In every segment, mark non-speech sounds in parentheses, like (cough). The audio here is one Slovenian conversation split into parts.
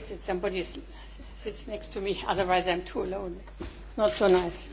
wait, somebody sits next to me, otherwise I'm too alone. It's not so nice.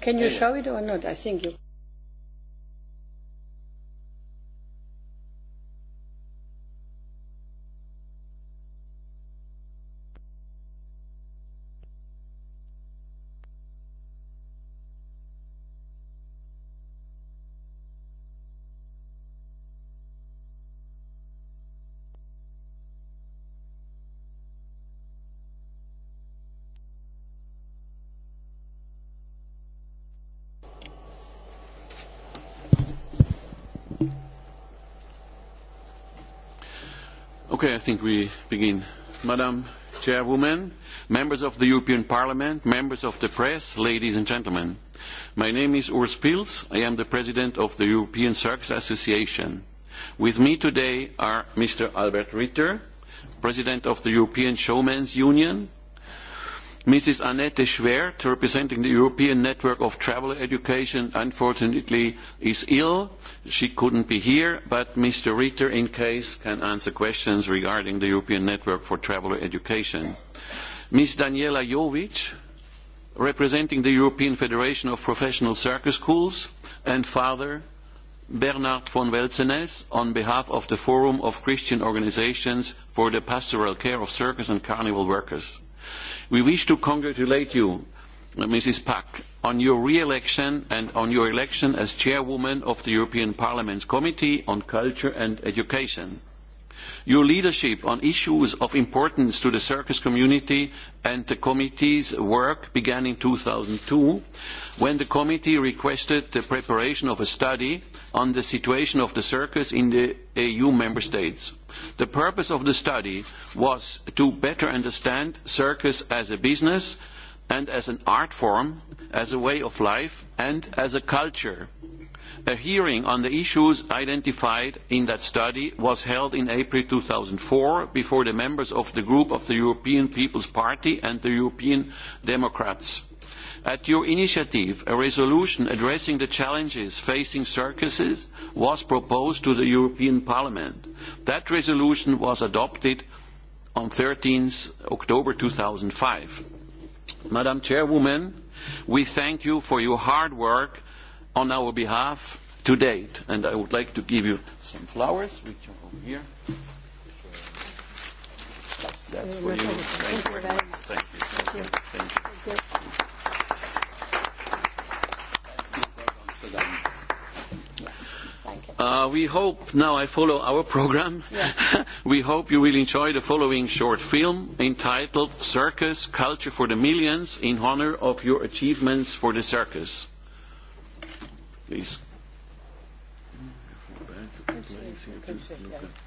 Can you show it or not? I think you Okay, I think we begin. Madam Chairwoman, members of the European Parliament, members of the press, ladies and gentlemen. My name is Urs Pils. I am the president of the European Circus Association. With me today are Mr. Albert Ritter, president of the European Showmen's Union, Mrs. Annette Schwert, representing the European Network of Travel Education, unfortunately is ill. She couldn't be here, but Mr. Ritter, in case, can answer questions regarding the European Network for Travel Education. Ms. Daniela Jovic, representing the European Federation of Professional Circus Schools, and Father Bernard von Welzenes, on behalf of the Forum of Christian Organizations for the Pastoral Care of Circus and Carnival Workers. We wish to congratulate you, Mrs. Pack, on your re-election and on your election as chairwoman of the European Parliament's Committee on Culture and Education. Your leadership on issues of importance to the circus community and the committee's work began in 2002 when the committee requested the preparation of a study on the situation of the circus in the EU member states. The purpose of the study was to better understand circus as a business and as an art form, as a way of life and as a culture. A hearing on the issues identified in that study was held in April 2004 before the members of the group of the European People's Party and the European Democrats. At your initiative, a resolution addressing the challenges facing circuses was proposed to the European Parliament. That resolution was adopted on 13 October 2005. Madam Chairwoman, we thank you for your hard work on our behalf to date. And I would like to give you some flowers, which are over here. That's for you. Thank you very much. Thank you. Thank you. Thank you. Uh, we hope now I follow our program. Yeah. (laughs) we hope you will enjoy the following short film entitled Circus Culture for the Millions in honor of your achievements for the circus. Please. Mm -hmm. Continue. Continue. Continue. Continue. Continue. Continue.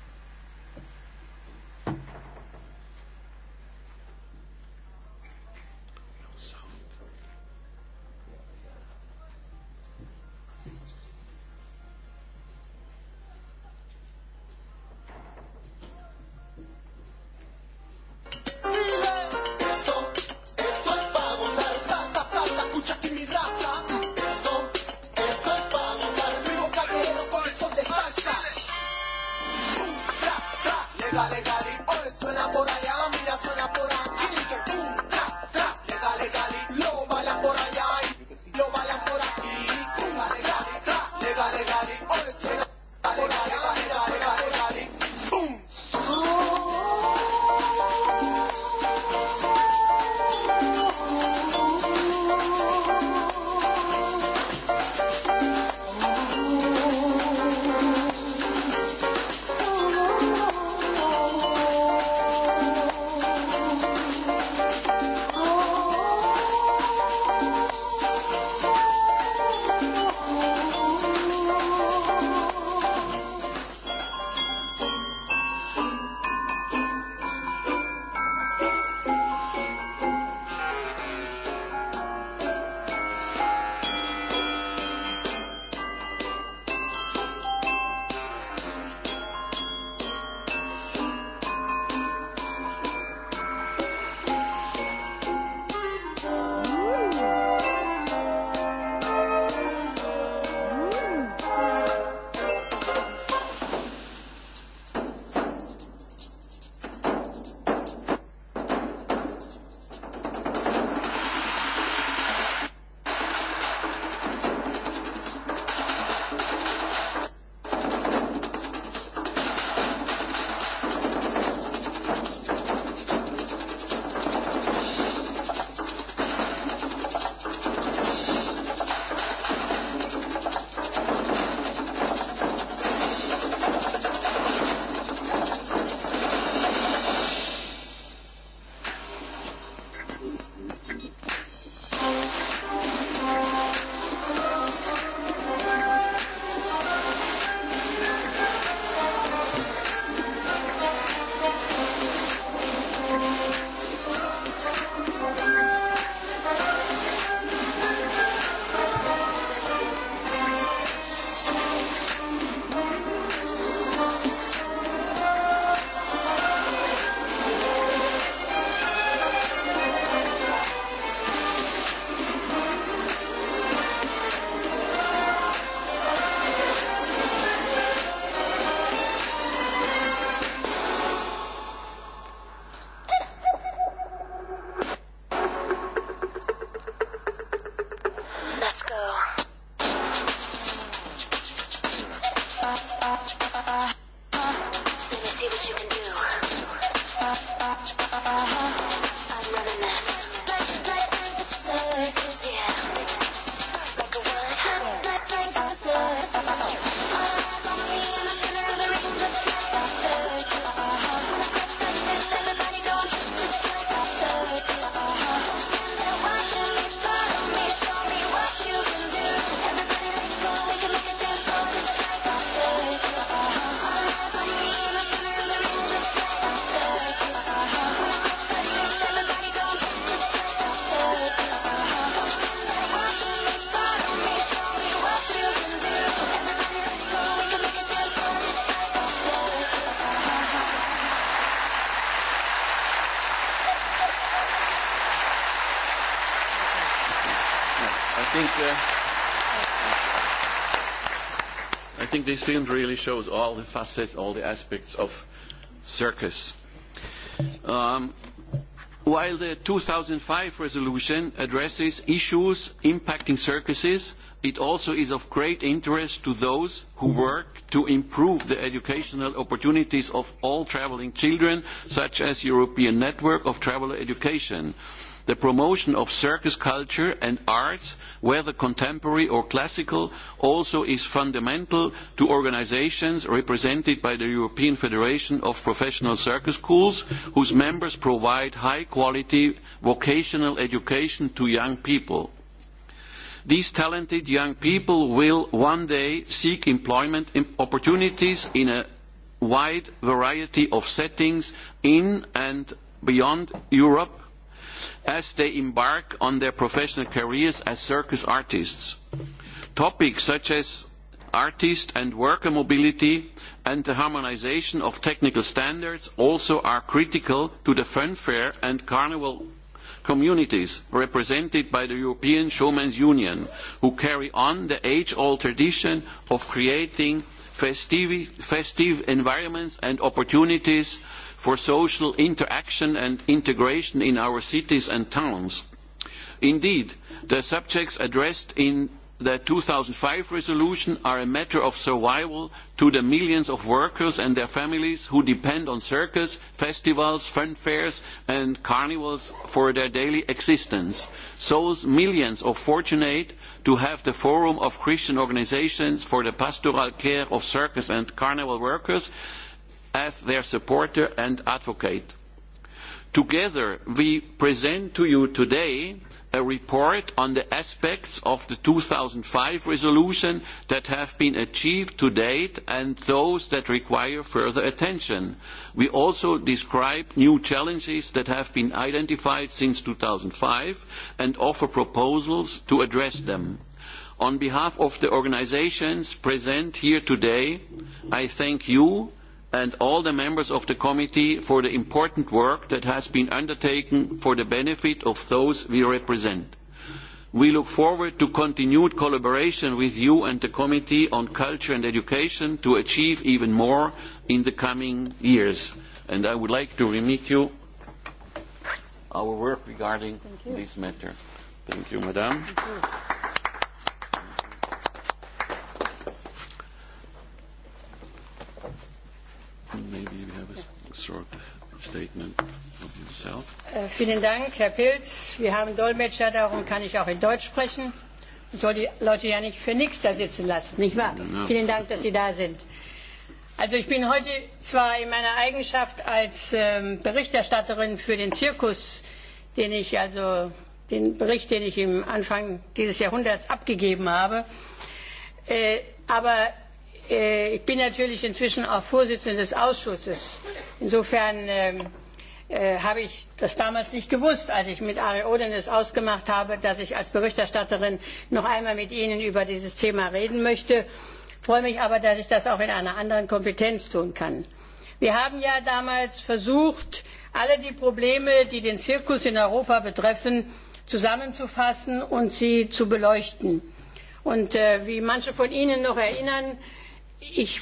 this film really shows all the facets, all the aspects of circus. Um, while the 2005 resolution addresses issues impacting circuses, it also is of great interest to those who work to improve the educational opportunities of all traveling children, such as European Network of Traveler Education. Uh, the promotion of circus culture and arts, whether contemporary or classical, also is fundamental to organizations represented by the European Federation of Professional Circus Schools, whose members provide high quality vocational education to young people. These talented young people will one day seek employment opportunities in a wide variety of settings in and beyond Europe as they embark on their professional careers as circus artists. Topics such as artist and worker mobility and the harmonization of technical standards also are critical to the funfair and carnival communities represented by the European Showman's Union, who carry on the age-old tradition of creating festive, festive environments and opportunities for social interaction and integration in our cities and towns. Indeed, the subjects addressed in the 2005 resolution are a matter of survival to the millions of workers and their families who depend on circus, festivals, fun fairs and carnivals for their daily existence. So millions are fortunate to have the Forum of Christian Organizations for the Pastoral Care of Circus and Carnival Workers as their supporter and advocate. Together, we present to you today a report on the aspects of the 2005 resolution that have been achieved to date and those that require further attention. We also describe new challenges that have been identified since 2005 and offer proposals to address them. On behalf of the organizations present here today, I thank you and all the members of the committee for the important work that has been undertaken for the benefit of those we represent. We look forward to continued collaboration with you and the committee on culture and education to achieve even more in the coming years. And I would like to remit you our work regarding this matter. Thank you, madam. Thank you. maybe you have a short statement of yourself. Äh, vielen Dank, Herr Pilz. Wir haben Dolmetscher, darum kann ich auch in Deutsch sprechen. So die Leute ja nicht für nichts da sitzen lassen, nicht wahr? No. Vielen Dank, dass Sie da sind. Also ich bin heute zwar in meiner Eigenschaft als ähm, Berichterstatterin für den Zirkus, den ich also den Bericht, den ich im Anfang dieses Jahrhunderts abgegeben habe, äh, aber Äh, ich bin natürlich inzwischen auch Vorsitzende des Ausschusses. Insofern ähm, äh, habe ich das damals nicht gewusst, als ich mit Ari Oden es ausgemacht habe, dass ich als Berichterstatterin noch einmal mit Ihnen über dieses Thema reden möchte. Freue mich aber, dass ich das auch in einer anderen Kompetenz tun kann. Wir haben ja damals versucht, alle die Probleme, die den Zirkus in Europa betreffen, zusammenzufassen und sie zu beleuchten. Und äh, wie manche von Ihnen noch erinnern, ich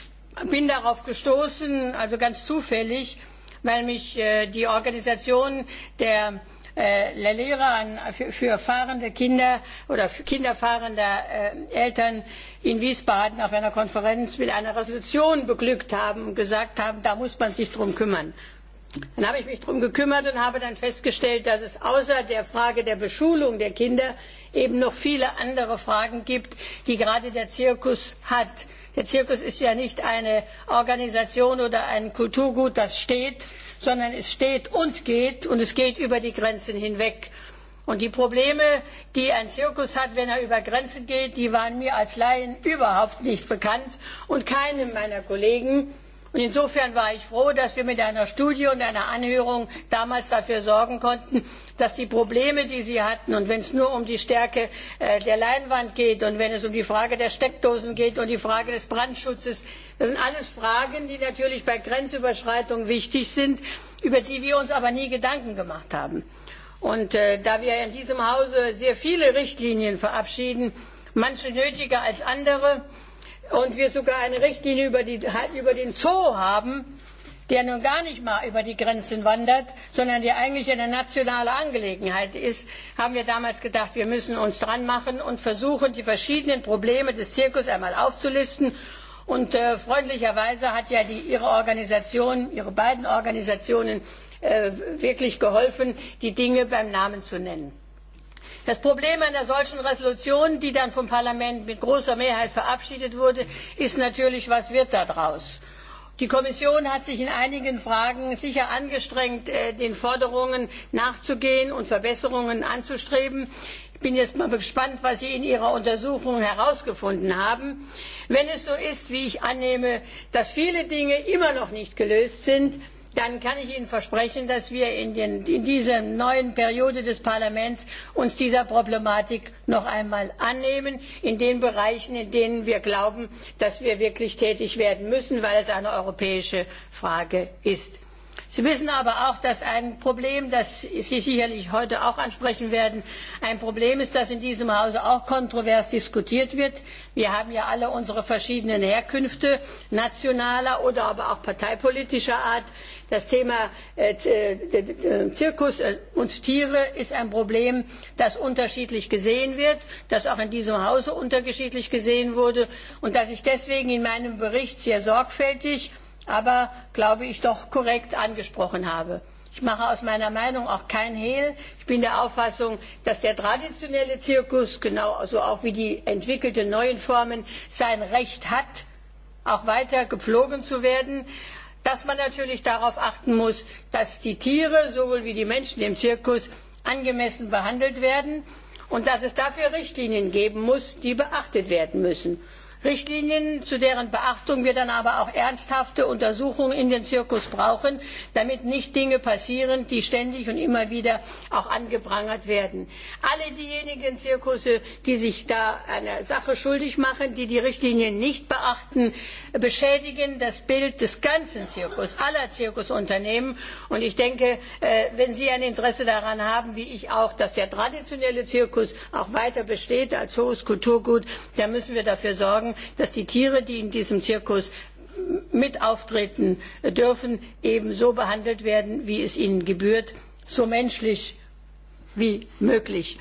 bin darauf gestoßen, also ganz zufällig, weil mich äh, die Organisation der äh, Lehrer für, für fahrende Kinder oder für Kinder fahrender äh, Eltern in Wiesbaden auf einer Konferenz mit einer Resolution beglückt haben und gesagt haben, da muss man sich drum kümmern. Dann habe ich mich darum gekümmert und habe dann festgestellt, dass es außer der Frage der Beschulung der Kinder eben noch viele andere Fragen gibt, die gerade der Zirkus hat. Äh, der zirkus ist ja nicht eine organisation oder ein kulturgut das steht sondern es steht und geht und es geht über die grenzen hinweg. die probleme die ein zirkus hat wenn er über grenzen geht waren mir als laien überhaupt nicht bekannt und keinem meiner kollegen. Und insofern war ich froh, dass wir mit einer Studie und einer Anhörung damals dafür sorgen konnten, dass die Probleme, die Sie hatten, und wenn es nur um die Stärke äh, der Leinwand geht und wenn es um die Frage der Steckdosen geht und die Frage des Brandschutzes, das sind alles Fragen, die natürlich bei Grenzüberschreitungen wichtig sind, über die wir uns aber nie Gedanken gemacht haben. Und äh, da wir in diesem Hause sehr viele Richtlinien verabschieden, manche nötiger als andere, äh, und wir sogar eine Richtlinie über, die, über den Zoo haben, der nun gar nicht mal über die Grenzen wandert, sondern der eigentlich eine nationale Angelegenheit ist, haben wir damals gedacht, wir müssen uns dran machen und versuchen, die verschiedenen Probleme des Zirkus einmal aufzulisten. Und äh, freundlicherweise hat ja die, Ihre Organisation, Ihre beiden Organisationen äh, wirklich geholfen, die Dinge beim Namen zu nennen. Das Problem einer solchen Resolution, die dann vom Parlament mit großer Mehrheit verabschiedet wurde, ist natürlich, was wird daraus? Die Kommission hat sich in einigen Fragen sicher angestrengt, äh, den Forderungen nachzugehen und Verbesserungen anzustreben. Ich bin jetzt mal gespannt, was Sie in Ihrer Untersuchung herausgefunden haben. Wenn es so ist, wie ich annehme, dass viele Dinge immer noch nicht gelöst sind, dann kann ich Ihnen versprechen, dass wir uns in, in dieser neuen Periode des Parlaments uns dieser Problematik noch einmal annehmen, in den Bereichen, in denen wir glauben, dass wir wirklich tätig werden müssen, weil es eine europäische Frage ist. Sie wissen aber auch, dass ein Problem, das Sie sicherlich heute auch ansprechen werden, ein Problem ist, das in diesem Hause auch kontrovers diskutiert wird. Wir haben ja alle unsere verschiedenen Herkünfte, nationaler oder aber auch parteipolitischer Art. Das Thema äh, äh, äh, Zirkus und Tiere ist ein Problem, das unterschiedlich gesehen wird, das auch in diesem Hause unterschiedlich gesehen wurde und das ich deswegen in meinem Bericht sehr sorgfältig aber glaube ich doch korrekt angesprochen habe. Ich mache aus meiner Meinung auch keinen Hehl. Ich bin der Auffassung, dass der traditionelle Zirkus, genauso auch wie die entwickelten neuen Formen, sein Recht hat, auch weiter gepflogen zu werden. Dass man natürlich darauf achten muss, dass die Tiere sowohl wie die Menschen im Zirkus angemessen behandelt werden und dass es dafür Richtlinien geben muss, die beachtet werden müssen richtlinien zu deren beachtung wir dann aber auch ernsthafte untersuchungen in den zirkus brauchen damit nicht dinge passieren die ständig und immer wieder auch angeprangert werden. alle diejenigen zirkusse die sich da einer sache schuldig machen die die richtlinien nicht beachten beschädigen das bild des ganzen zirkus aller zirkusunternehmen und ich denke äh, wenn sie ein interesse daran haben wie ich auch dass der traditionelle zirkus auch weiter besteht als hohes kulturgut dann müssen wir dafür dass die tiere die in diesem zirkus mit auftreten dürfen ebenso behandelt werden wie es ihnen gebührt so menschlich wie möglich.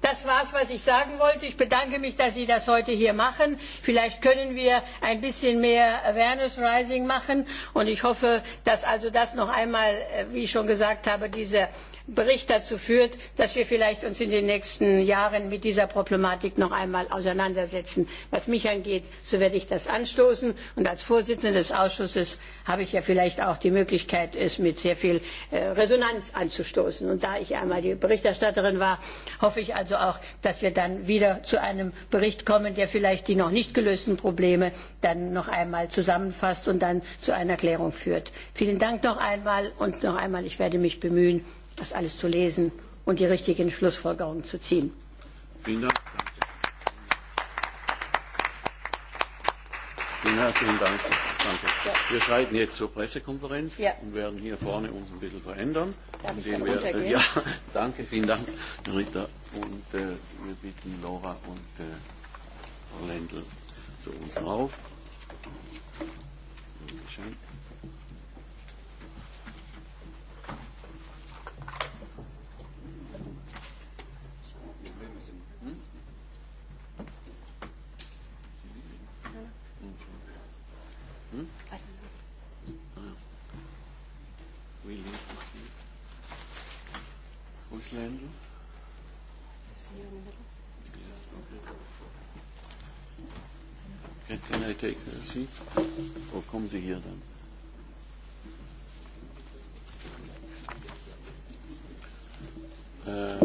Das war's, was ich sagen wollte. Ich bedanke mich, dass Sie das heute hier machen. Vielleicht können wir ein bisschen mehr Awareness Rising machen. Und ich hoffe, dass also das noch einmal, äh, wie ich schon gesagt habe, diese bericht dazu führt dass wir uns vielleicht in den nächsten jahren mit dieser problematik noch einmal auseinandersetzen. was mich angeht so werde ich das anstoßen und als vorsitzende des ausschusses habe ich ja vielleicht auch die möglichkeit es mit sehr viel äh, resonanz anzustoßen. da ich ja einmal die berichterstatterin war hoffe ich also auch dass wir dann wieder zu einem bericht kommen der vielleicht die noch nicht gelösten probleme dann noch einmal zusammenfasst und dann zu einer klärung führt. vielen dank noch einmal und noch einmal ich werde mich bemühen das alles zu lesen und die richtigen Schlussfolgerungen zu ziehen. Vielen Dank. Vielen herzlichen Dank. Danke. Ja. Wir schreiten jetzt zur Pressekonferenz ja. und werden hier vorne uns ein bisschen verändern. Darf ich dann wir, äh, ja, (laughs) danke, vielen Dank, Herr Ritter. Und äh, wir bitten Laura und äh, Frau Lendl zu uns rauf. Dankeschön. Ja. we leave to see. Who's Lendl? See you in a little. Yes, okay. Can, can I take her seat? Or come to here then? Uh,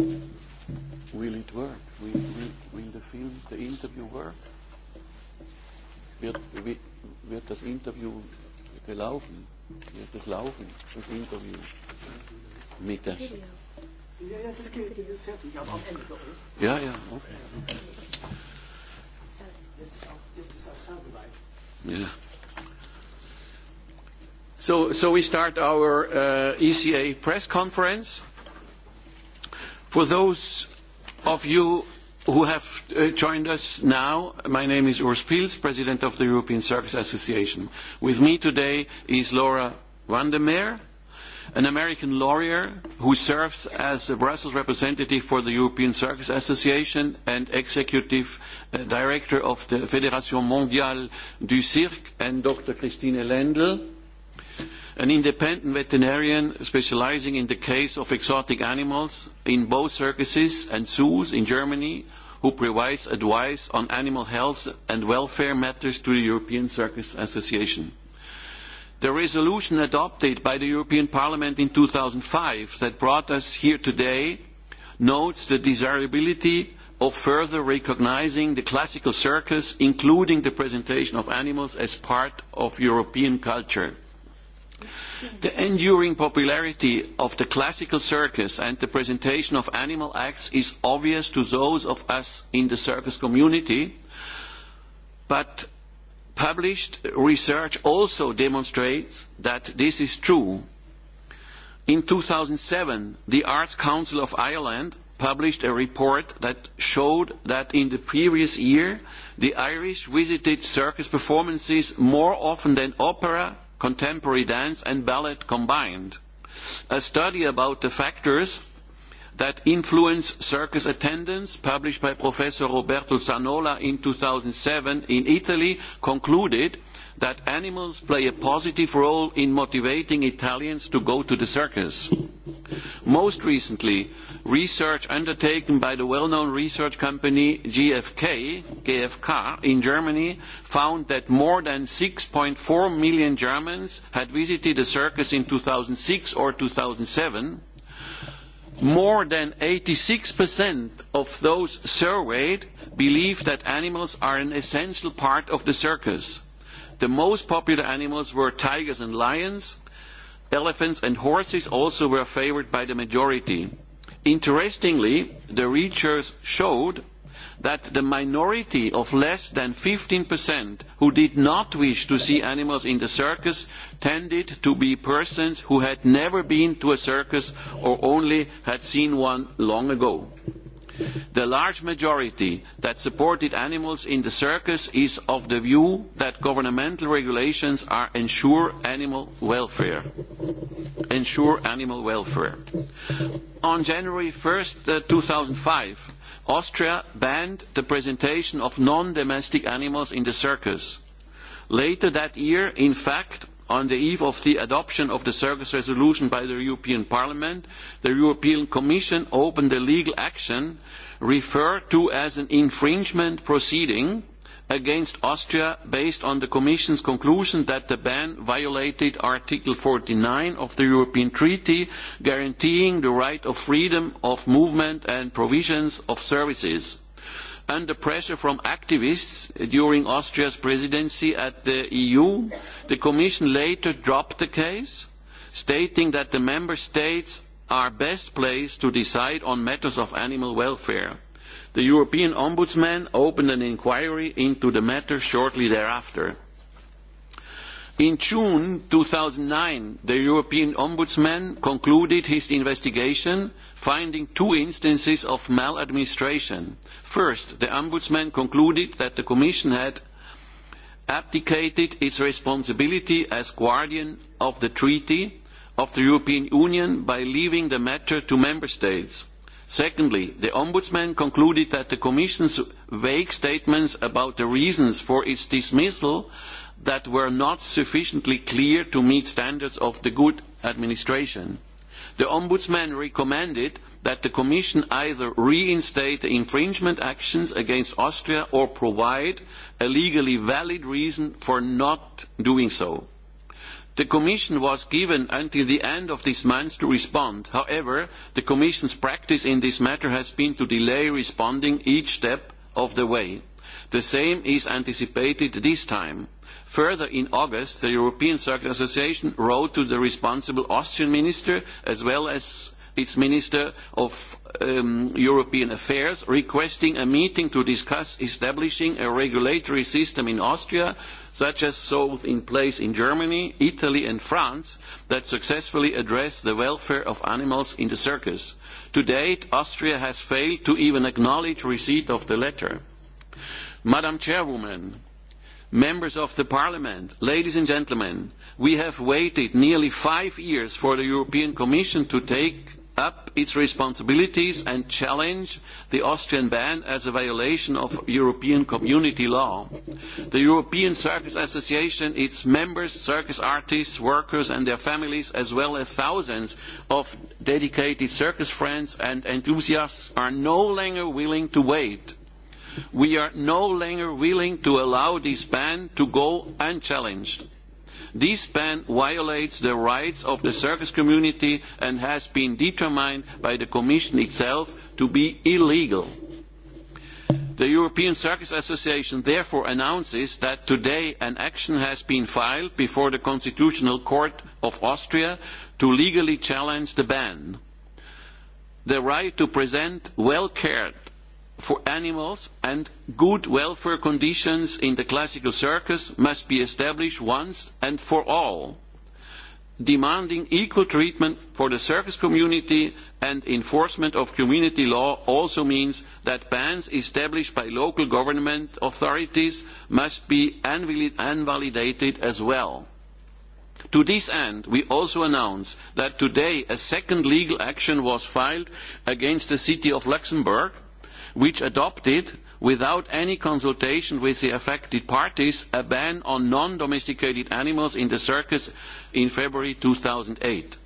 will it work? Will, will, will the film, the interview work? Wird, wird, wird das Interview gelaufen? Ja, das Laufen, das Interview. Mit der. Ja, das ist fertig, aber am Ende doch. Ja, ja, okay. Jetzt ist auch Serbelein. Ja. So, so we start our uh, ECA press conference. For those of you who have uh, joined us now. My name is Urs Pils, President of the European Circus Association. With me today is Laura Vandermeer, an American lawyer who serves as a Brussels representative for the European Circus Association and executive uh, director of the Fédération Mondiale du Cirque, and Dr. Christine Lendl, an independent veterinarian specializing in the case of exotic animals in both circuses and zoos in Germany who provides advice on animal health and welfare matters to the European Circus Association. The resolution adopted by the European Parliament in 2005 that brought us here today notes the desirability of further recognizing the classical circus, including the presentation of animals as part of European culture. The enduring popularity of the classical circus and the presentation of animal acts is obvious to those of us in the circus community, but published research also demonstrates that this is true. In 2007, the Arts Council of Ireland published a report that showed that in the previous year, the Irish visited circus performances more often than opera, contemporary dance and ballet combined. A study about the factors that influence circus attendance, published by Professor Roberto Zanola in 2007 in Italy, concluded that animals play a positive role in motivating Italians to go to the circus. Most recently, research undertaken by the well-known research company GFK, GFK in Germany found that more than 6.4 million Germans had visited a circus in 2006 or 2007. More than 86% of those surveyed believe that animals are an essential part of the circus. The most popular animals were tigers and lions. Elephants and horses also were favored by the majority. Interestingly, the research showed that the minority of less than 15% who did not wish to see animals in the circus tended to be persons who had never been to a circus or only had seen one long ago. The large majority that supported animals in the circus is of the view that governmental regulations are ensure animal welfare. Ensure animal welfare. On January 1st, uh, 2005, Austria banned the presentation of non-domestic animals in the circus. Later that year, in fact, on the eve of the adoption of the circus resolution by the European Parliament, the European Commission opened a legal action referred to as an infringement proceeding against Austria based on the Commission's conclusion that the ban violated Article 49 of the European Treaty guaranteeing the right of freedom of movement and provisions of services under pressure from activists during Austria's presidency at the EU, the Commission later dropped the case, stating that the member states are best placed to decide on matters of animal welfare. The European Ombudsman opened an inquiry into the matter shortly thereafter. In June 2009, the European Ombudsman concluded his investigation, finding two instances of maladministration. First, the Ombudsman concluded that the Commission had abdicated its responsibility as guardian of the Treaty of the European Union by leaving the matter to Member States. Secondly, the Ombudsman concluded that the Commission's vague statements about the reasons for its dismissal that were not sufficiently clear to meet standards of the good administration. The Ombudsman recommended that the Commission either reinstate the infringement actions against Austria or provide a legally valid reason for not doing so. The Commission was given until the end of this month to respond. However, the Commission's practice in this matter has been to delay responding each step of the way. The same is anticipated this time. Further, in August, the European Circular Association wrote to the responsible Austrian minister as well as its minister of um, European affairs requesting a meeting to discuss establishing a regulatory system in Austria such as those in place in Germany, Italy and France that successfully address the welfare of animals in the circus. To date, Austria has failed to even acknowledge receipt of the letter. Madam Chairwoman, members of the parliament ladies and gentlemen we have waited nearly five years for the european commission to take up its responsibilities and challenge the Austrian ban as a violation of European community law. The European Circus Association, its members, circus artists, workers and their families, as well as thousands of dedicated circus friends and enthusiasts are no longer willing to wait we are no longer willing to allow this ban to go unchallenged. This ban violates the rights of the circus community and has been determined by the Commission itself to be illegal. The European Circus Association therefore announces that today an action has been filed before the Constitutional Court of Austria to legally challenge the ban. The right to present well-cared for animals and good welfare conditions in the classical circus must be established once and for all, demanding equal treatment for the circus community and enforcement of community law also means that bans established by local government authorities must be invalidated as well. To this end, we also announce that today a second legal action was filed against the city of Luxembourg which adopted without any consultation with the affected parties a ban on non domesticated animals in the circus in february. two thousand and eight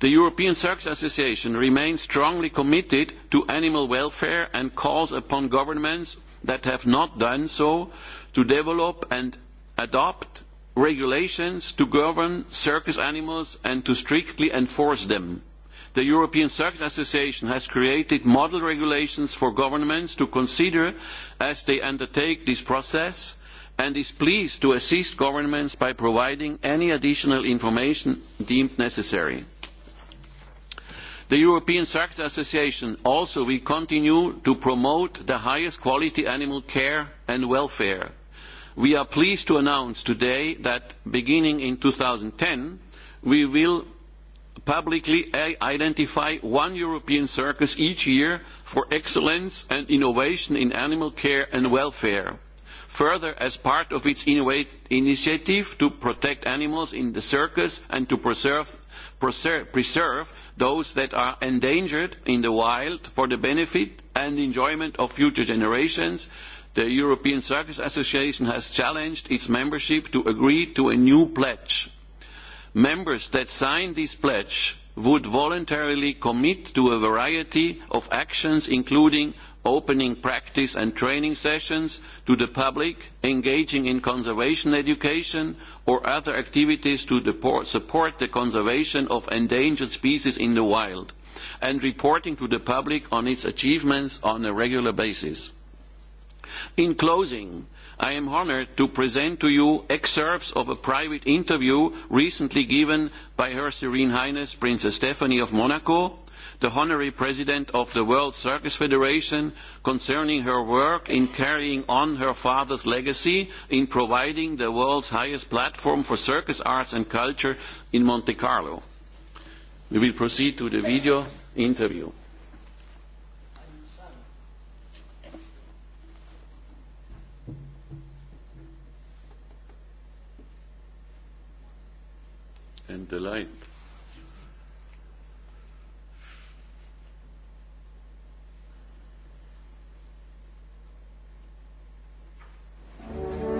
the european circus association remains strongly committed to animal welfare and calls upon governments that have not done so to develop and adopt regulations to govern circus animals and to strictly enforce them the European Circus Association has created model regulations for governments to consider as they undertake this process and is pleased to assist governments by providing any additional information deemed necessary. The European Circus Association also will continue to promote the highest quality animal care and welfare. We are pleased to announce today that beginning in 2010, we will publicly identify one European circus each year for excellence and innovation in animal care and welfare. Further, as part of its initiative to protect animals in the circus and to preserve, preserve, preserve those that are endangered in the wild for the benefit and enjoyment of future generations, the European Circus Association has challenged its membership to agree to a new pledge members that sign this pledge would voluntarily commit to a variety of actions including opening practice and training sessions to the public, engaging in conservation education or other activities to support the conservation of endangered species in the wild and reporting to the public on its achievements on a regular basis. In closing, I am honored to present to you excerpts of a private interview recently given by Her Serene Highness Princess Stephanie of Monaco, the Honorary President of the World Circus Federation, concerning her work in carrying on her father's legacy in providing the world's highest platform for circus arts and culture in Monte Carlo. We will proceed to the video interview. and delight. thank you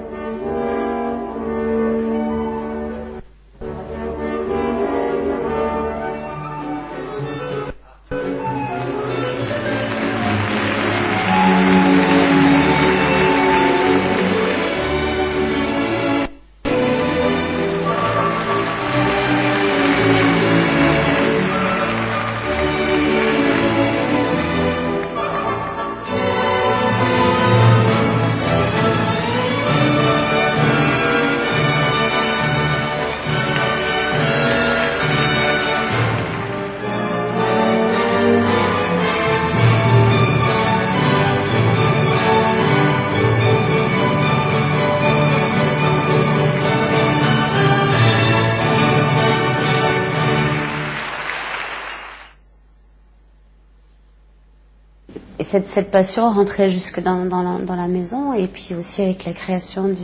cette, cette passion rentrait jusque dans, dans, la, dans la maison et puis aussi avec la création du,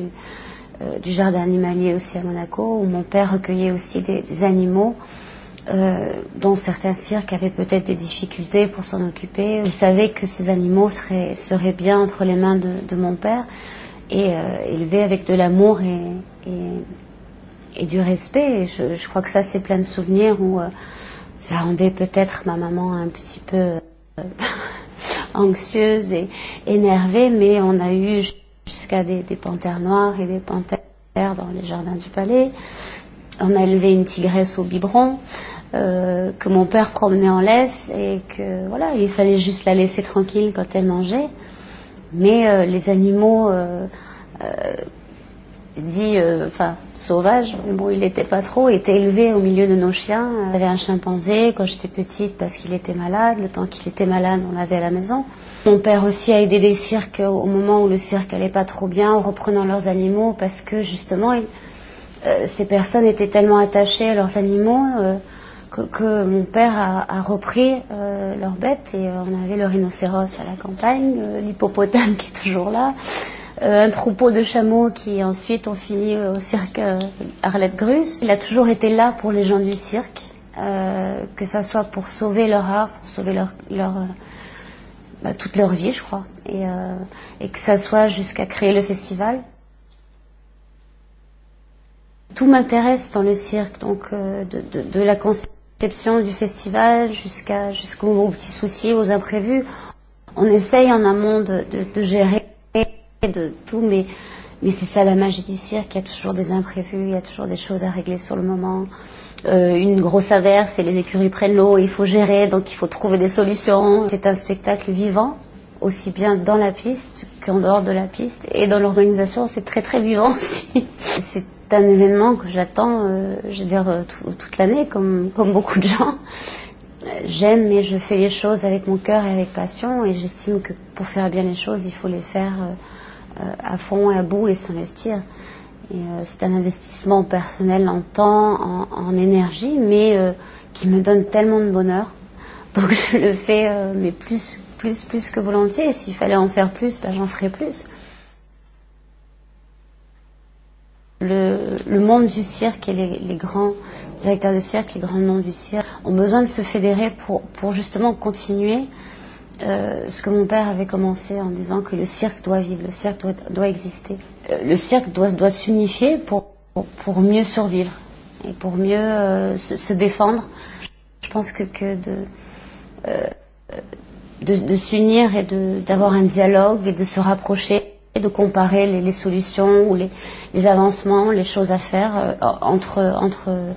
euh, du jardin animalier aussi à Monaco où mon père recueillait aussi des, des animaux euh, dont certains cirques avaient peut-être des difficultés pour s'en occuper. Il savait que ces animaux seraient, seraient bien entre les mains de, de mon père et euh, élevés avec de l'amour et, et, et du respect. Et je, je crois que ça, c'est plein de souvenirs où euh, ça rendait peut-être ma maman un petit peu. Euh, (laughs) anxieuse et énervée, mais on a eu jusqu'à des, des panthères noires et des panthères dans les jardins du palais. On a élevé une tigresse au biberon. Euh, que mon père promenait en laisse et que voilà il fallait juste la laisser tranquille quand elle mangeait mais euh, les animaux euh, euh, dit euh, enfin euh, sauvage, mais bon il n'était pas trop, était élevé au milieu de nos chiens. On avait un chimpanzé quand j'étais petite parce qu'il était malade, le temps qu'il était malade on l'avait à la maison. Mon père aussi a aidé des cirques au moment où le cirque allait pas trop bien en reprenant leurs animaux parce que justement il, euh, ces personnes étaient tellement attachées à leurs animaux euh, que, que mon père a, a repris euh, leurs bêtes et euh, on avait le rhinocéros à la campagne, euh, l'hippopotame (laughs) qui est toujours là euh, un troupeau de chameaux qui ensuite ont fini au cirque euh, Arlette Grus. Il a toujours été là pour les gens du cirque, euh, que ce soit pour sauver leur art, pour sauver leur, leur, euh, bah, toute leur vie, je crois, et, euh, et que ce soit jusqu'à créer le festival. Tout m'intéresse dans le cirque, donc euh, de, de, de la conception du festival jusqu'à jusqu'aux petits soucis, aux imprévus. On essaye en amont de, de, de gérer de tout, mais, mais c'est ça la magie du cirque. Il y a toujours des imprévus, il y a toujours des choses à régler sur le moment. Euh, une grosse averse et les écuries prennent l'eau, il faut gérer, donc il faut trouver des solutions. C'est un spectacle vivant, aussi bien dans la piste qu'en dehors de la piste. Et dans l'organisation, c'est très très vivant (laughs) aussi. C'est un événement que j'attends, euh, je veux dire, euh, toute l'année, comme, comme beaucoup de gens. Euh, j'aime et je fais les choses avec mon cœur et avec passion, et j'estime que pour faire bien les choses, il faut les faire. Euh, à fond et à bout et s'investir. Euh, c'est un investissement personnel en temps, en, en énergie, mais euh, qui me donne tellement de bonheur. (laughs) Donc je le fais, euh, mais plus, plus, plus que volontiers. S'il fallait en faire plus, j'en ferais plus. Le, le monde du cirque et les, les grands directeurs de cirque, les grands noms du cirque, ont besoin de se fédérer pour, pour justement continuer euh, Euh, ce que mon père avait commencé en disant que le cirque doit vivre, le cirque doit, doit exister. Euh, le cirque doit, doit s'unifier pour, pour mieux survivre et pour mieux euh, se, se défendre. Je pense que, que de, euh, de, de s'unir et d'avoir un dialogue et de se rapprocher et de comparer les, les solutions ou les, les avancements, les choses à faire euh, entre. entre euh,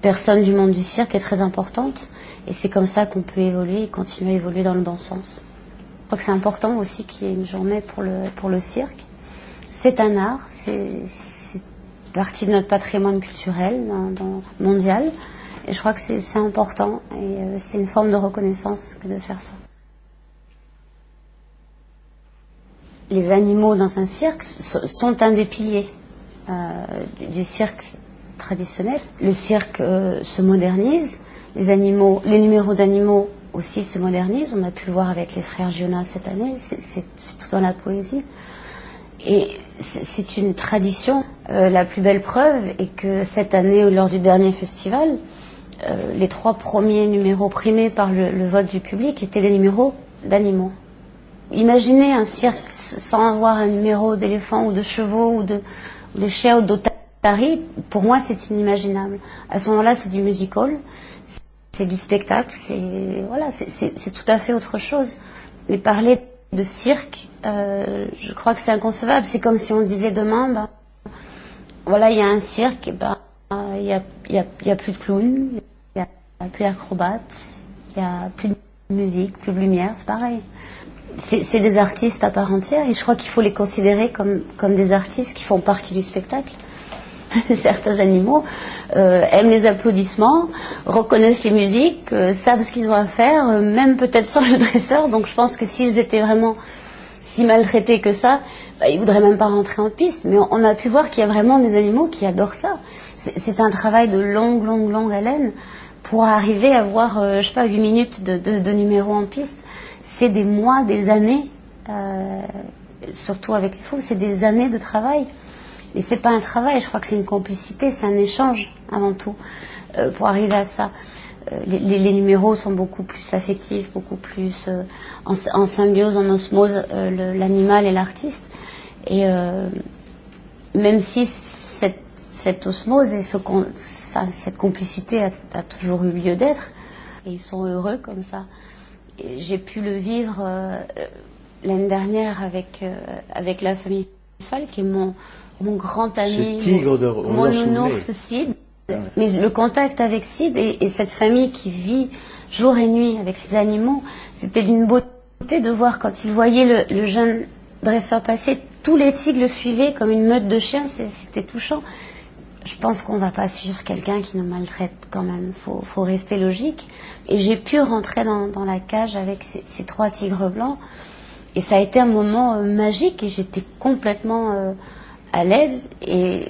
personne du monde du cirque est très importante et c'est comme ça qu'on peut évoluer et continuer à évoluer dans le bon sens. Je crois que c'est important aussi qu'il y ait une journée pour le, pour le cirque. C'est un art, c'est, c'est partie de notre patrimoine culturel dans, dans, mondial et je crois que c'est, c'est important et euh, c'est une forme de reconnaissance que de faire ça. Les animaux dans un cirque sont un des piliers euh, du, du cirque traditionnel. Le cirque euh, se modernise, les, animaux, les numéros d'animaux aussi se modernisent. On a pu le voir avec les frères Giona cette année, c'est tout dans la poésie. Et c'est une tradition. Euh, la plus belle preuve est que cette année, lors du dernier festival, euh, les trois premiers numéros primés par le, le vote du public étaient des numéros d'animaux. Imaginez un cirque sans avoir un numéro d'éléphant ou de chevaux ou de, de chiens ou d'otages. Paris, pour moi, c'est inimaginable. À ce moment-là, c'est du musical, c'est du spectacle, c'est voilà, c'est tout à fait autre chose. Mais parler de cirque, euh, je crois que c'est inconcevable. C'est comme si on disait demain, ben, voilà, il y a un cirque, il ben, n'y a, y a, y a plus de clowns, il n'y a, a plus d'acrobates, il n'y a plus de musique, plus de lumière, c'est pareil. C'est des artistes à part entière et je crois qu'il faut les considérer comme, comme des artistes qui font partie du spectacle. (laughs) certains animaux euh, aiment les applaudissements, reconnaissent les musiques, euh, savent ce qu'ils ont à faire, euh, même peut-être sans (laughs) le dresseur. Donc je pense que s'ils étaient vraiment si maltraités que ça, bah, ils voudraient même pas rentrer en piste. Mais on, on a pu voir qu'il y a vraiment des animaux qui adorent ça. C'est un travail de longue, longue, longue haleine pour arriver à voir, euh, je sais pas, 8 minutes de, de, de numéro en piste. C'est des mois, des années, euh, surtout avec les fous, c'est des années de travail. Mais ce n'est pas un travail, je crois que c'est une complicité, c'est un échange avant tout euh, pour arriver à ça. Euh, les, les, les numéros sont beaucoup plus affectifs, beaucoup plus euh, en, en symbiose, en osmose, euh, le, l'animal et l'artiste. Et euh, même si cette, cette osmose et ce, enfin, cette complicité a, a toujours eu lieu d'être, et ils sont heureux comme ça, et j'ai pu le vivre euh, l'année dernière avec, euh, avec la famille Fall, qui est mon, mon grand ami, ce tigre de, mon nounours Sid. Mais le contact avec Sid et, et cette famille qui vit jour et nuit avec ces animaux, c'était d'une beauté de voir quand il voyait le, le jeune dresseur passer, tous les tigres le suivaient comme une meute de chiens, c'était touchant. Je pense qu'on ne va pas suivre quelqu'un qui nous maltraite quand même, il faut, faut rester logique. Et j'ai pu rentrer dans, dans la cage avec ces, ces trois tigres blancs et ça a été un moment euh, magique et j'étais complètement... Euh, à l'aise et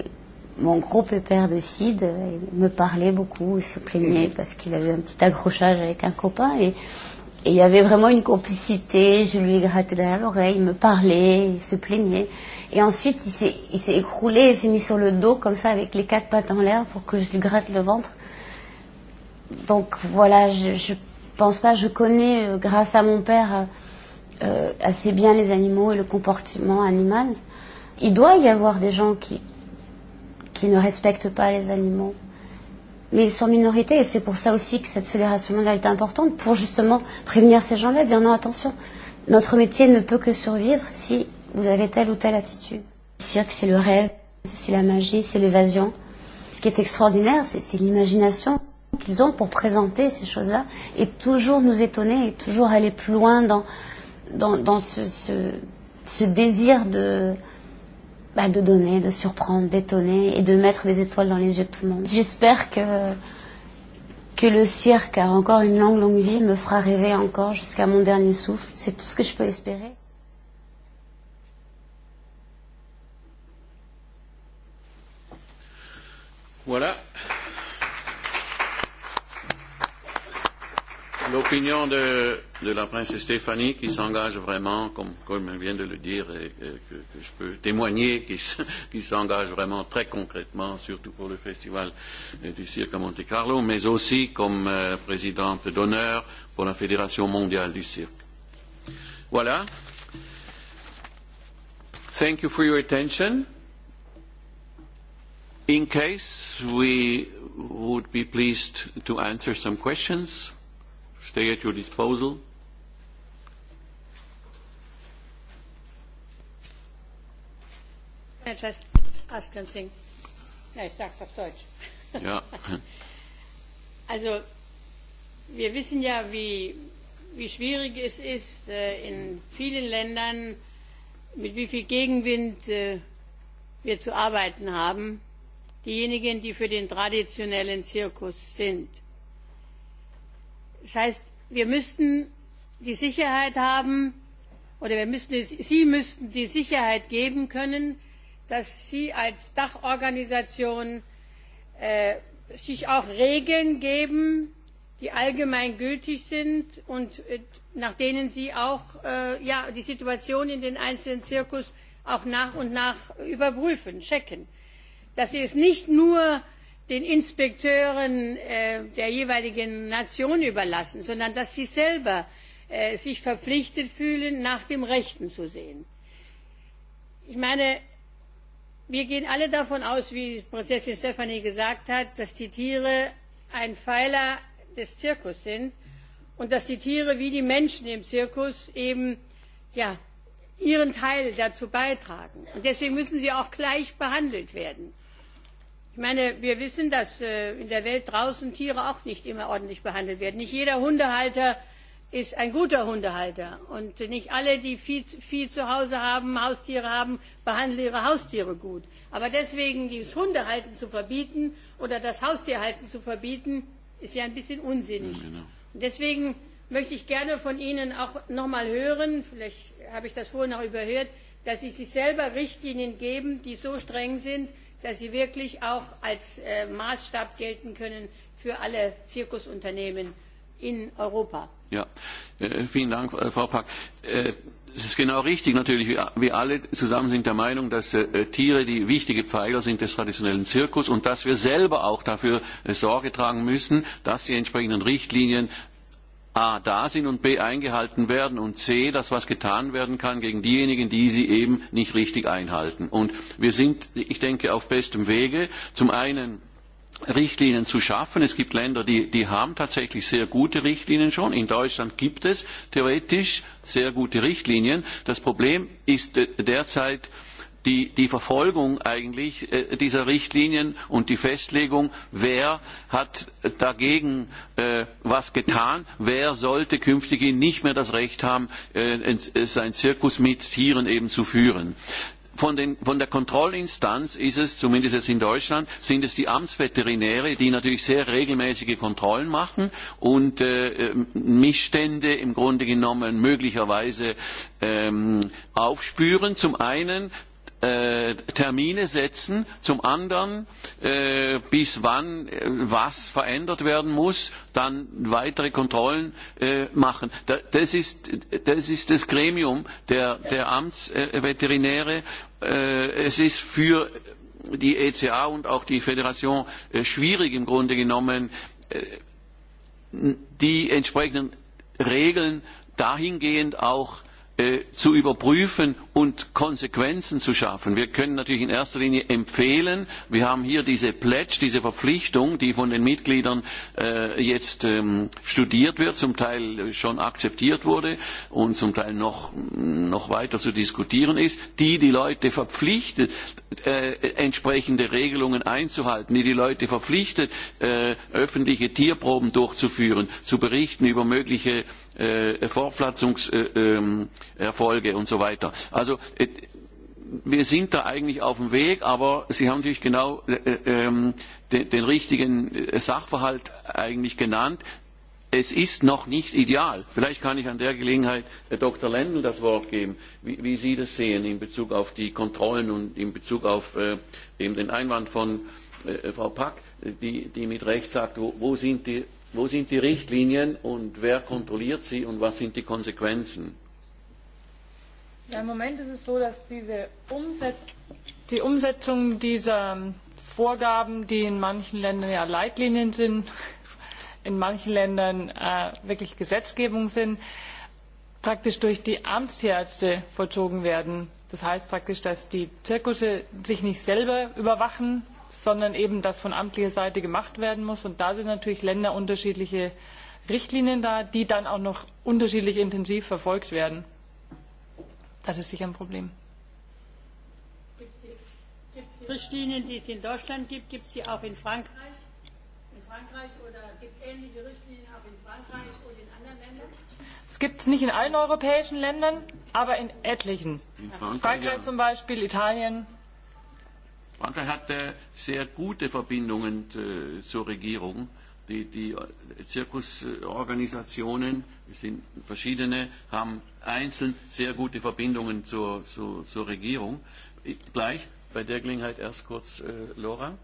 mon gros pépère de Sid euh, me parlait beaucoup, il se plaignait mmh. parce qu'il avait un petit accrochage avec un copain et il y avait vraiment une complicité, je lui ai gratté derrière l'oreille, il me parlait, il se plaignait et ensuite il s'est écroulé, il s'est mis sur le dos comme ça avec les quatre pattes en l'air pour que je lui gratte le ventre. Donc voilà, je ne pense pas, je connais euh, grâce à mon père euh, euh, assez bien les animaux et le comportement animal. Mmh il doit y avoir des gens qui, qui ne respectent pas les animaux. Mais ils sont minorités et c'est pour ça aussi que cette fédération mondiale est importante, pour justement prévenir ces gens-là, dire non, attention, notre métier ne peut que survivre si vous avez telle ou telle attitude. Le cirque, c'est le rêve, c'est la magie, c'est l'évasion. Ce qui est extraordinaire, c'est l'imagination qu'ils ont pour présenter ces choses-là et toujours nous étonner et toujours aller plus loin dans, dans, dans ce, ce, ce désir de, bah, de donner, de surprendre, d'étonner et de mettre des étoiles dans les yeux de tout le monde. J'espère que, que le cirque a encore une longue, longue vie, me fera rêver encore jusqu'à mon dernier souffle. C'est tout ce que je peux espérer. Voilà l'opinion de de la princesse Stéphanie qui s'engage vraiment, comme, comme je viens de le dire et, et que, que je peux témoigner, qui (laughs) s'engage vraiment très concrètement, surtout pour le festival euh, du cirque à Monte Carlo, mais aussi comme euh, présidente d'honneur pour la Fédération mondiale du cirque. Voilà. Thank you for your attention. In case we would be pleased to answer some questions, stay at your disposal. Mensch heißt Askan Singh. Ja, ich sag's auf Deutsch. Ja. Also, wir wissen ja, wie, wie schwierig es ist, äh, in vielen Ländern, mit wie viel Gegenwind äh, wir zu arbeiten haben. Diejenigen, die für den traditionellen Zirkus sind. Das heißt, wir müssten die Sicherheit haben, oder wir müssten, Sie müssten die Sicherheit geben können, dass Sie als Dachorganisation äh, sich auch Regeln geben, die allgemein gültig sind und äh, nach denen Sie auch äh, ja, die Situation in den einzelnen Zirkus auch nach und nach überprüfen, checken. Dass Sie es nicht nur den Inspekteuren äh, der jeweiligen Nation überlassen, sondern dass Sie selber äh, sich verpflichtet fühlen, nach dem Rechten zu sehen. Ich meine, wir gehen alle davon aus wie prinzessin stefanie gesagt hat dass die tiere ein pfeiler des zirkus sind und dass die tiere wie die menschen im zirkus eben ja, ihren teil dazu beitragen. Und deswegen müssen sie auch gleich behandelt werden. Ich meine, wir wissen, dass äh, in der Welt draußen Tiere auch nicht immer ordentlich behandelt werden. Nicht jeder Hundehalter ist ein guter Hundehalter. Und nicht alle, die viel, viel zu Hause haben, Haustiere haben, behandeln ihre Haustiere gut. Aber deswegen dieses Hundehalten zu verbieten oder das Haustierhalten zu verbieten, ist ja ein bisschen unsinnig. Ja, genau. Und deswegen möchte ich gerne von Ihnen auch nochmal hören, vielleicht habe ich das vorhin noch überhört, dass Sie sich selber Richtlinien geben, die so streng sind, dass sie wirklich auch als äh, Maßstab gelten können für alle Zirkusunternehmen in Europa. Ja, äh, vielen Dank, äh, Frau Pack. Äh, es ist genau richtig, natürlich, wir alle zusammen sind der Meinung, dass Tiere die wichtige Pfeiler sind des traditionellen Zirkus und dass wir selber auch dafür Sorge tragen müssen, dass die entsprechenden Richtlinien A, da sind und B, eingehalten werden und C, das, was getan werden kann gegen diejenigen, die sie eben nicht richtig einhalten. Und wir sind, ich denke, auf bestem Wege. Zum einen Richtlinien zu schaffen. Es gibt Länder, die, die haben tatsächlich sehr gute Richtlinien schon. In Deutschland gibt es theoretisch sehr gute Richtlinien. Das Problem ist derzeit die, die Verfolgung eigentlich äh, dieser Richtlinien und die Festlegung, wer hat dagegen äh, was getan, wer sollte künftig nicht mehr das Recht haben, äh, sein Zirkus mit Tieren eben zu führen von, den, von der Kontrollinstanz ist es, zumindest jetzt in Deutschland, sind es die Amtsveterinäre, die natürlich sehr regelmäßige Kontrollen machen und äh, ähm, Missstände im Grunde genommen möglicherweise ähm, aufspüren. Zum einen, Äh, Termine setzen, zum anderen äh, bis wann äh, was verändert werden muss, dann weitere Kontrollen äh, machen. Da, das, ist, das ist das Gremium der, der Amtsveterinäre. Äh, äh, es ist für die ECA und auch die Föderation äh, schwierig im Grunde genommen, äh, die entsprechenden Regeln dahingehend auch Äh, zu überprüfen und Konsequenzen zu schaffen. Wir können natürlich in erster Linie empfehlen, wir haben hier diese Pledge, diese Verpflichtung, die von den Mitgliedern äh, jetzt ähm, studiert wird, zum Teil schon akzeptiert wurde und zum Teil noch, noch weiter zu diskutieren ist, die die Leute verpflichtet, äh, entsprechende Regelungen einzuhalten, die die Leute verpflichtet, äh, öffentliche Tierproben durchzuführen, zu berichten über mögliche äh, Fortpflanzungserfolge äh, äh, und so weiter. Also äh, wir sind da eigentlich auf dem Weg, aber Sie haben natürlich genau äh, äh, ähm, den, den richtigen äh, Sachverhalt eigentlich genannt. Es ist noch nicht ideal. Vielleicht kann ich an der Gelegenheit äh, Dr. Lendl das Wort geben, wie, wie Sie das sehen in Bezug auf die Kontrollen und in Bezug auf äh, eben den Einwand von äh, Frau Pack, die, die mit Recht sagt, wo, wo sind die Wo sind die Richtlinien und wer kontrolliert sie und was sind die Konsequenzen? Ja, Im Moment ist es so, dass diese Umset die Umsetzung dieser Vorgaben, die in manchen Ländern ja Leitlinien sind, in manchen Ländern äh, wirklich Gesetzgebung sind, praktisch durch die Amtsärzte vollzogen werden. Das heißt praktisch, dass die Zirkusse sich nicht selber überwachen sondern eben das von amtlicher Seite gemacht werden muss. Und da sind natürlich Länder unterschiedliche Richtlinien da, die dann auch noch unterschiedlich intensiv verfolgt werden. Das ist sicher ein Problem. Richtlinien, die es in Deutschland gibt, gibt es sie auch in Frankreich? In Frankreich oder gibt es ähnliche Richtlinien auch in Frankreich oder in anderen Ländern? Es gibt es nicht in allen europäischen Ländern, aber in etlichen. In Frankreich, Frankreich ja. zum Beispiel, Italien. Frankreich hatte sehr gute Verbindungen äh, zur Regierung. Die, die äh, Zirkusorganisationen, es sind verschiedene, haben einzeln sehr gute Verbindungen zur, zur, zur Regierung. Gleich bei der Gelegenheit erst kurz, äh, Laura.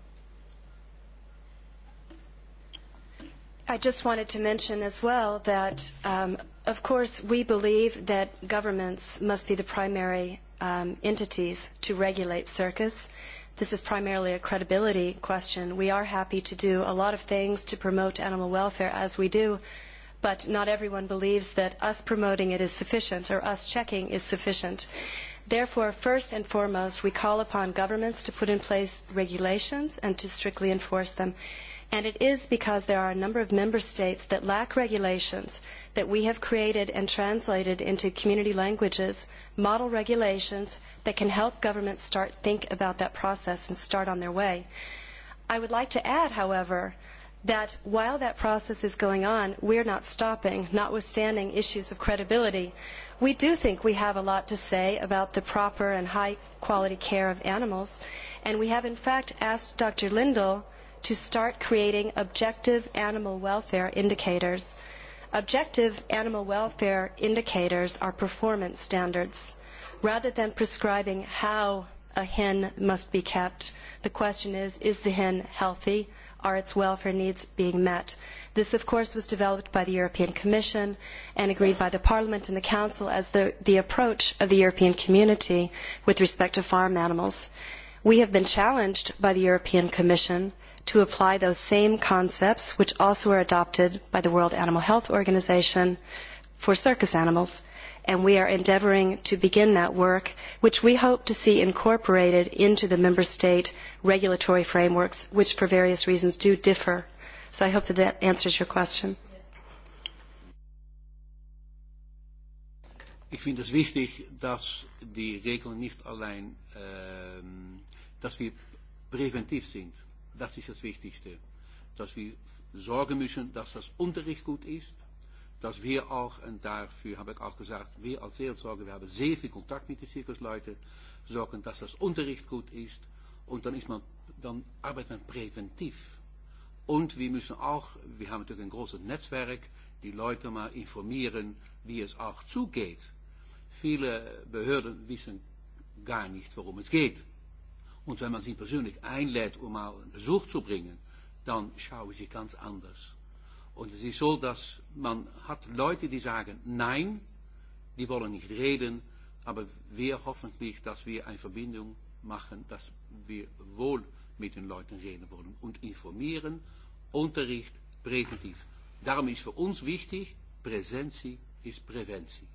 I just wanted to mention as well that, um, of course, we believe that governments must be the primary um, entities to regulate circus this is primarily a credibility question. We are happy to do a lot of things to promote animal welfare as we do, but not everyone believes that us promoting it is sufficient or us checking is sufficient. Therefore, first and foremost, we call upon governments to put in place regulations and to strictly enforce them. And it is because there are a number of member states that lack regulations that we have created and translated into community languages, model regulations that can help governments start think about that process and start on their way. I would like to add, however, that while that process is going on, we're not stopping, notwithstanding issues of credibility. We do think we have a lot to say about the proper and high quality care of animals, and we have in fact asked Dr. Lindell to start creating objective animal welfare indicators. Objective animal welfare indicators are performance standards. Rather than prescribing how a hen must be kept, the question is, is the hen healthy? Are its welfare needs being met? This, of course, was developed by the European Commission and agreed by the Parliament and the Council as the, the approach of the European community with respect to farm animals. We have been challenged by the European Commission to apply those same concepts, which also were adopted by the World Animal Health Organization, for circus animals. And we are endeavoring to begin that work, which we hope to see incorporated into the member state regulatory frameworks, which for various reasons do differ. So I hope that that answers your question. Ik vind het wichtig dat die regel niet alleen uh, dat we preventief zien das ist das Wichtigste, dass wir sorgen müssen, dass das Unterricht gut ist, dass wir auch, und dafür habe ich auch gesagt, wir als Seelsorger, wir haben sehr viel Kontakt mit den Zirkusleuten, sorgen, dass das Unterricht gut ist, und dann, ist man, dann arbeitet man präventiv. Und wir müssen auch, wir haben natürlich ein großes Netzwerk, die Leute mal informieren, wie es auch zugeht. Viele Behörden wissen gar nicht, worum es geht. Und wenn man sie persönlich einlädt, um mal einen Besuch zu bringen, dann schauen sie ganz anders. Und es ist so, dass man hat Leute, die sagen, nein, die wollen nicht reden, aber wir hoffentlich, dass wir eine Verbindung machen, dass wir wohl mit den Leuten reden wollen und informieren, Unterricht, präventiv. Darum ist für uns wichtig, Präsenz ist Präventie.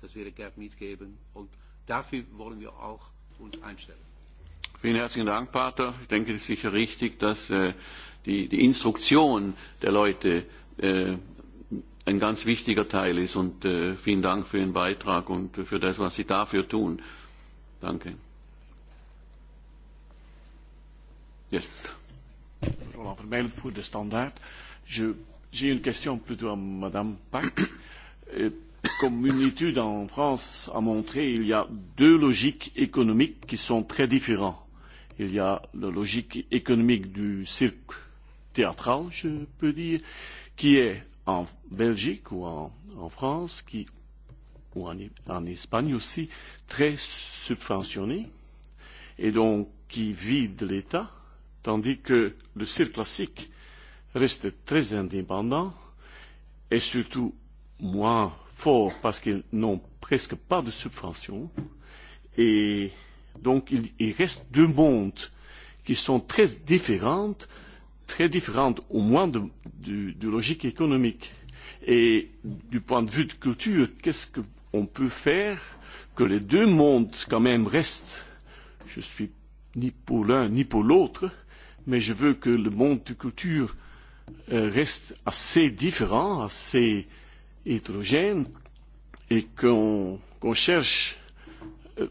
Das will ich gerne mitgeben und dafür wollen wir auch uns einstellen. Vielen herzlichen Dank, Pater. Ich denke, es ist sicher richtig, dass äh, die, die Instruktion der Leute äh, ein ganz wichtiger Teil ist. Und äh, vielen Dank für Ihren Beitrag und für das, was Sie dafür tun. Danke. Yes. Roland Vermeil pour de Standard. J'ai une question plutôt à Madame Pack. Euh, comme une étude en France a montré, il y a deux logiques économiques qui sont très différentes il y a la logique économique du cirque théâtral, je peux dire, qui est en Belgique ou en, en France, qui, ou en, en Espagne aussi, très subventionnée, et donc qui vit de l'État, tandis que le cirque classique reste très indépendant et surtout moins fort parce qu'ils n'ont presque pas de subvention et Donc il, il reste deux mondes qui sont très différentes, très différentes au moins de, de, de logique économique. Et du point de vue de culture, qu'est-ce qu'on peut faire que les deux mondes quand même restent Je ne suis ni pour l'un ni pour l'autre, mais je veux que le monde de culture euh, reste assez différent, assez hétérogène, et qu'on qu cherche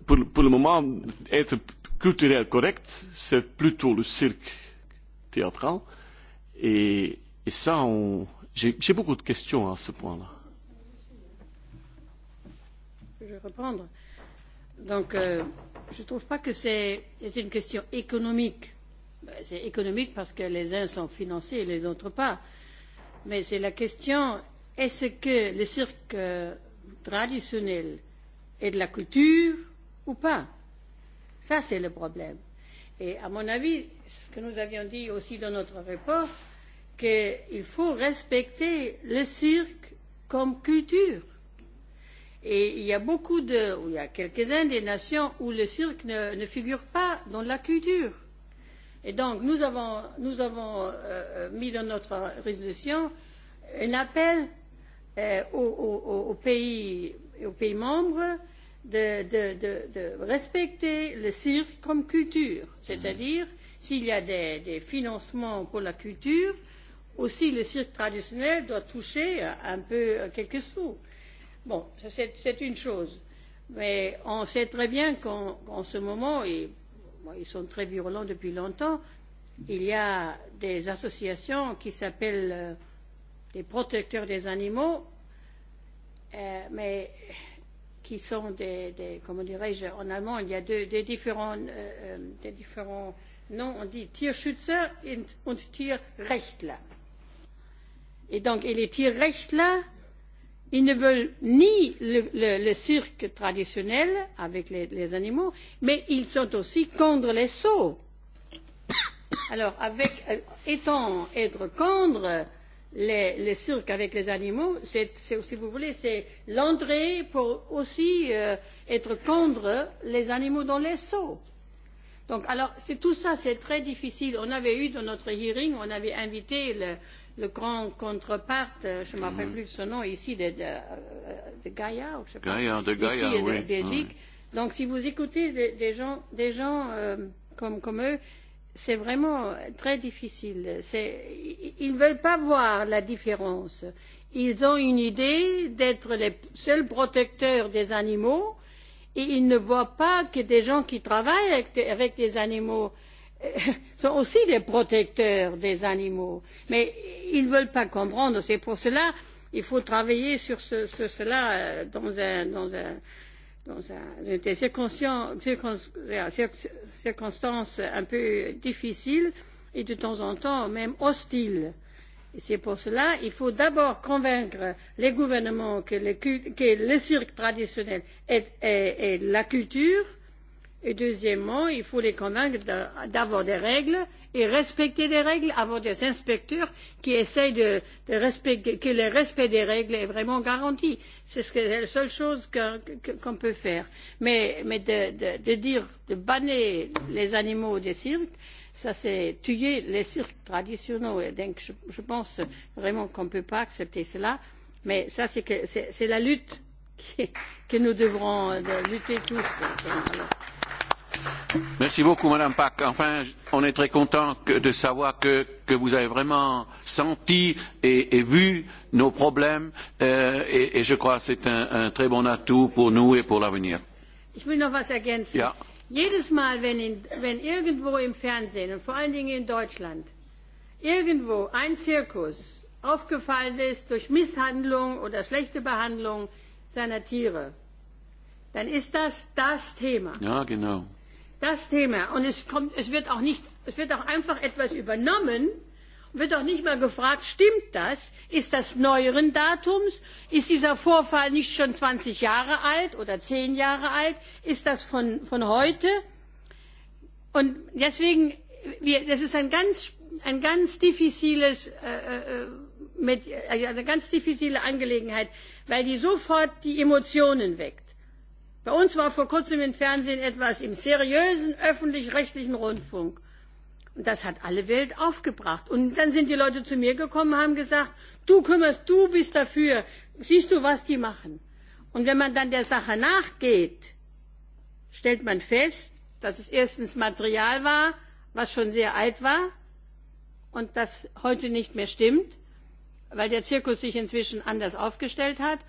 pour, pour le moment, être culturel correct, c'est plutôt le cirque théâtral. Et, et ça, on, j'ai, j'ai beaucoup de questions à ce point-là. Je vais reprendre. Donc, euh, je ne trouve pas que c'est, c'est une question économique. C'est économique parce que les uns sont financés et les autres pas. Mais c'est la question, est-ce que le cirque euh, traditionnel est de la culture ou pas. Ça, c'est le problème. Et à mon avis, ce que nous avions dit aussi dans notre rapport, qu'il faut respecter le cirque comme culture. Et il y a beaucoup de, ou il y a quelques-uns des nations où le cirque ne, ne figure pas dans la culture. Et donc, nous avons, nous avons euh, euh mis dans notre résolution un appel euh, aux, aux, aux, pays, aux pays membres euh, de, de, de, de respecter le cirque comme culture. Mm-hmm. C'est-à-dire, mmh. s'il y a des, des financements pour la culture, aussi le cirque traditionnel doit toucher un peu quelques sous. Bon, c'est, c'est une chose. Mais on sait très bien qu'en, qu'en ce moment, et, bon, ils sont très virulents depuis longtemps, il y a des associations qui s'appellent euh, des protecteurs des animaux, euh, mais qui sont des, des comment dirais-je, en allemand, il y a deux, deux différents, euh, euh, des différents noms. On dit Tierschützer und, und Tierrechtler. Et donc, et les Tierrechtler, ils ne veulent ni le, le, le cirque traditionnel avec les, les animaux, mais ils sont aussi contre les sauts. (coughs) Alors, avec, euh, étant être contre, euh, les, les cirques avec les animaux, c'est, c'est, si vous voulez, c'est l'entrée pour aussi euh, être contre les animaux dans les seaux. Donc, alors, c'est tout ça, c'est très difficile. On avait eu dans notre hearing, on avait invité le, le grand contrepart, euh, je ne me rappelle mhm. plus de son nom, ici, de, de, euh, de Gaïa, ou je sais pas. de Gaïa, ici, oui. De Belgique. Oui. Donc, si vous écoutez des, des gens, des gens euh, comme, comme eux, c'est vraiment très difficile. Ils ne veulent pas voir la différence. Ils ont une idée d'être les seuls protecteurs des animaux et ils ne voient pas que des gens qui travaillent avec, avec des animaux euh, (laughs) sont aussi des protecteurs des animaux. Mais ils ne veulent pas comprendre. C'est pour cela qu'il faut travailler sur, ce, sur cela euh, dans un. Dans un dans un, des circonstances un peu difficiles et de temps en temps même hostiles. Et c'est pour cela qu'il faut d'abord convaincre les gouvernements que le, que le cirque traditionnel est, est, est la culture et deuxièmement, il faut les convaincre d'avoir des règles et respecter les règles, avoir des inspecteurs qui essayent de, de respecter, que le respect des règles est vraiment garanti. C'est ce la seule chose qu'on qu peut faire. Mais, mais de, de, de dire, de banner les animaux des cirques, ça c'est tuer les cirques traditionnels. Et donc je, je pense vraiment qu'on ne peut pas accepter cela. Mais ça c'est la lutte que nous devrons lutter tous. Alors, Merci beaucoup, Madame Pack. Enfin, on est très content que, de savoir que, que vous avez vraiment senti et, et vu nos problèmes, euh, et, et je crois que c'est un, un très bon atout pour nous et pour l'avenir. Ich will noch was ergänzen. Ja. Jedes Mal, wenn, in, wenn irgendwo im Fernsehen und vor allen Dingen in Deutschland irgendwo ein Zirkus aufgefallen ist durch Misshandlung oder schlechte Behandlung seiner Tiere, dann ist das das Thema. Ja, genau das Thema. Und es, kommt, es, wird auch nicht, es wird auch einfach etwas übernommen, wird auch nicht mal gefragt, stimmt das? Ist das neueren Datums? Ist dieser Vorfall nicht schon 20 Jahre alt oder 10 Jahre alt? Ist das von, von heute? Und deswegen, wir, das ist ein ganz, ein ganz diffiziles, äh, äh mit, äh, eine ganz diffizile Angelegenheit, weil die sofort die Emotionen weckt. Bei uns war vor kurzem im Fernsehen etwas im seriösen öffentlich-rechtlichen Rundfunk. Und das hat alle Welt aufgebracht. Und dann sind die Leute zu mir gekommen und haben gesagt, du kümmerst, du bist dafür. Siehst du, was die machen? Und wenn man dann der Sache nachgeht, stellt man fest, dass es erstens Material war, was schon sehr alt war und das heute nicht mehr stimmt, weil der Zirkus sich inzwischen anders aufgestellt hat.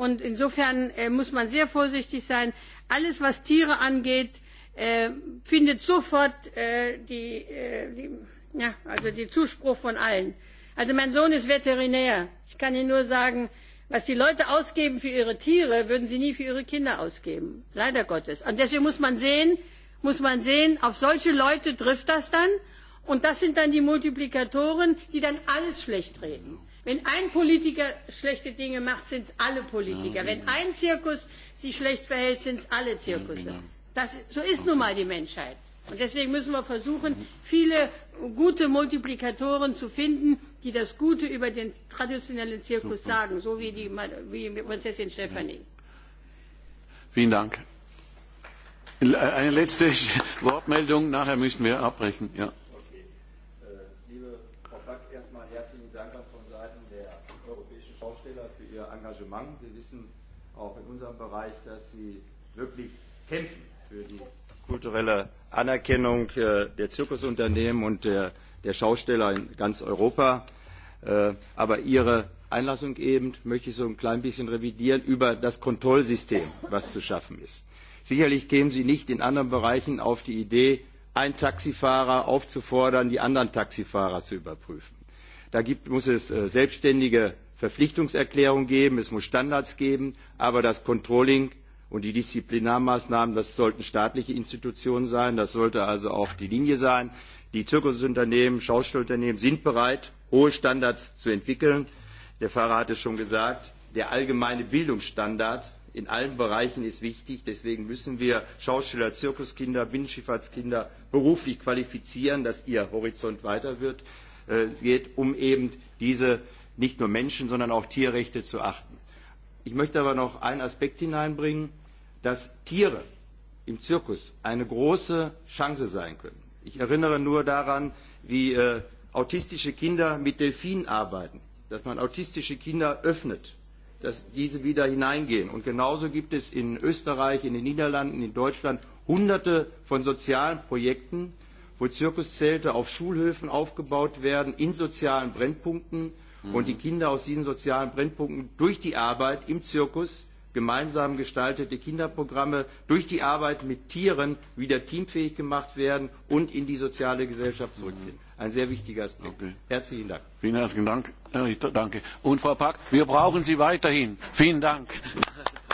Und insofern äh, muss man sehr vorsichtig sein. Alles, was Tiere angeht, äh, findet sofort äh, die, äh, die, ja, also die Zuspruch von allen. Also mein Sohn ist Veterinär. Ich kann Ihnen nur sagen, was die Leute ausgeben für ihre Tiere, würden sie nie für ihre Kinder ausgeben. Leider Gottes. Und deswegen muss man sehen, muss man sehen, auf solche Leute trifft das dann. Und das sind dann die Multiplikatoren, die dann alles schlecht reden. Wenn ein Politiker schlechte Dinge macht, sind es alle Politiker. Ja, Wenn ein Zirkus sich schlecht verhält, sind es alle ja, Zirkusse. Ja, genau. das, so ist okay. nun mal die Menschheit. Und deswegen müssen wir versuchen, mhm. viele gute Multiplikatoren zu finden, die das Gute über den traditionellen Zirkus Super. sagen, so wie die wie Prinzessin ja. Stefanie. Ja. Vielen Dank. Eine letzte (laughs) Wortmeldung, nachher müssen wir abbrechen. Ja. auch in unserem Bereich, dass sie wirklich kämpfen für die kulturelle Anerkennung äh, der Zirkusunternehmen und der, der Schausteller in ganz Europa. Äh, aber ihre Einlassung eben möchte ich so ein klein bisschen revidieren über das Kontrollsystem, was zu schaffen ist. Sicherlich kämen Sie nicht in anderen Bereichen auf die Idee, einen Taxifahrer aufzufordern, die anderen Taxifahrer zu überprüfen. Da gibt, muss es äh, selbstständige äh, Verpflichtungserklärungen geben, es muss Standards geben, aber das Controlling und die Disziplinarmaßnahmen, das sollten staatliche Institutionen sein, das sollte also auch die Linie sein. Die Zirkusunternehmen, Schauspielunternehmen sind bereit, hohe Standards zu entwickeln. Der Fahrer hat es schon gesagt, der allgemeine Bildungsstandard in allen Bereichen ist wichtig. Deswegen müssen wir Schauspieler, Zirkuskinder, Binnenschifffahrtskinder beruflich qualifizieren, dass ihr Horizont weiter wird. Äh, es geht um eben diese nicht nur Menschen, sondern auch Tierrechte zu achten. Ich möchte aber noch einen Aspekt hineinbringen, dass Tiere im Zirkus eine große Chance sein können. Ich erinnere nur daran, wie äh, autistische Kinder mit Delfinen arbeiten, dass man autistische Kinder öffnet, dass diese wieder hineingehen. Und genauso gibt es in Österreich, in den Niederlanden, in Deutschland hunderte von sozialen Projekten, wo Zirkuszelte auf Schulhöfen aufgebaut werden, in sozialen Brennpunkten mhm. und die Kinder aus diesen sozialen Brennpunkten durch die Arbeit im Zirkus gemeinsam gestaltete Kinderprogramme durch die Arbeit mit Tieren wieder teamfähig gemacht werden und in die soziale Gesellschaft zurückfinden. Mhm. Ein sehr wichtiger Aspekt. Okay. Herzlichen Dank. Vielen herzlichen Dank. Herr äh, Ritter, danke. Und Frau Pack, wir brauchen Sie weiterhin. Vielen Dank. (laughs)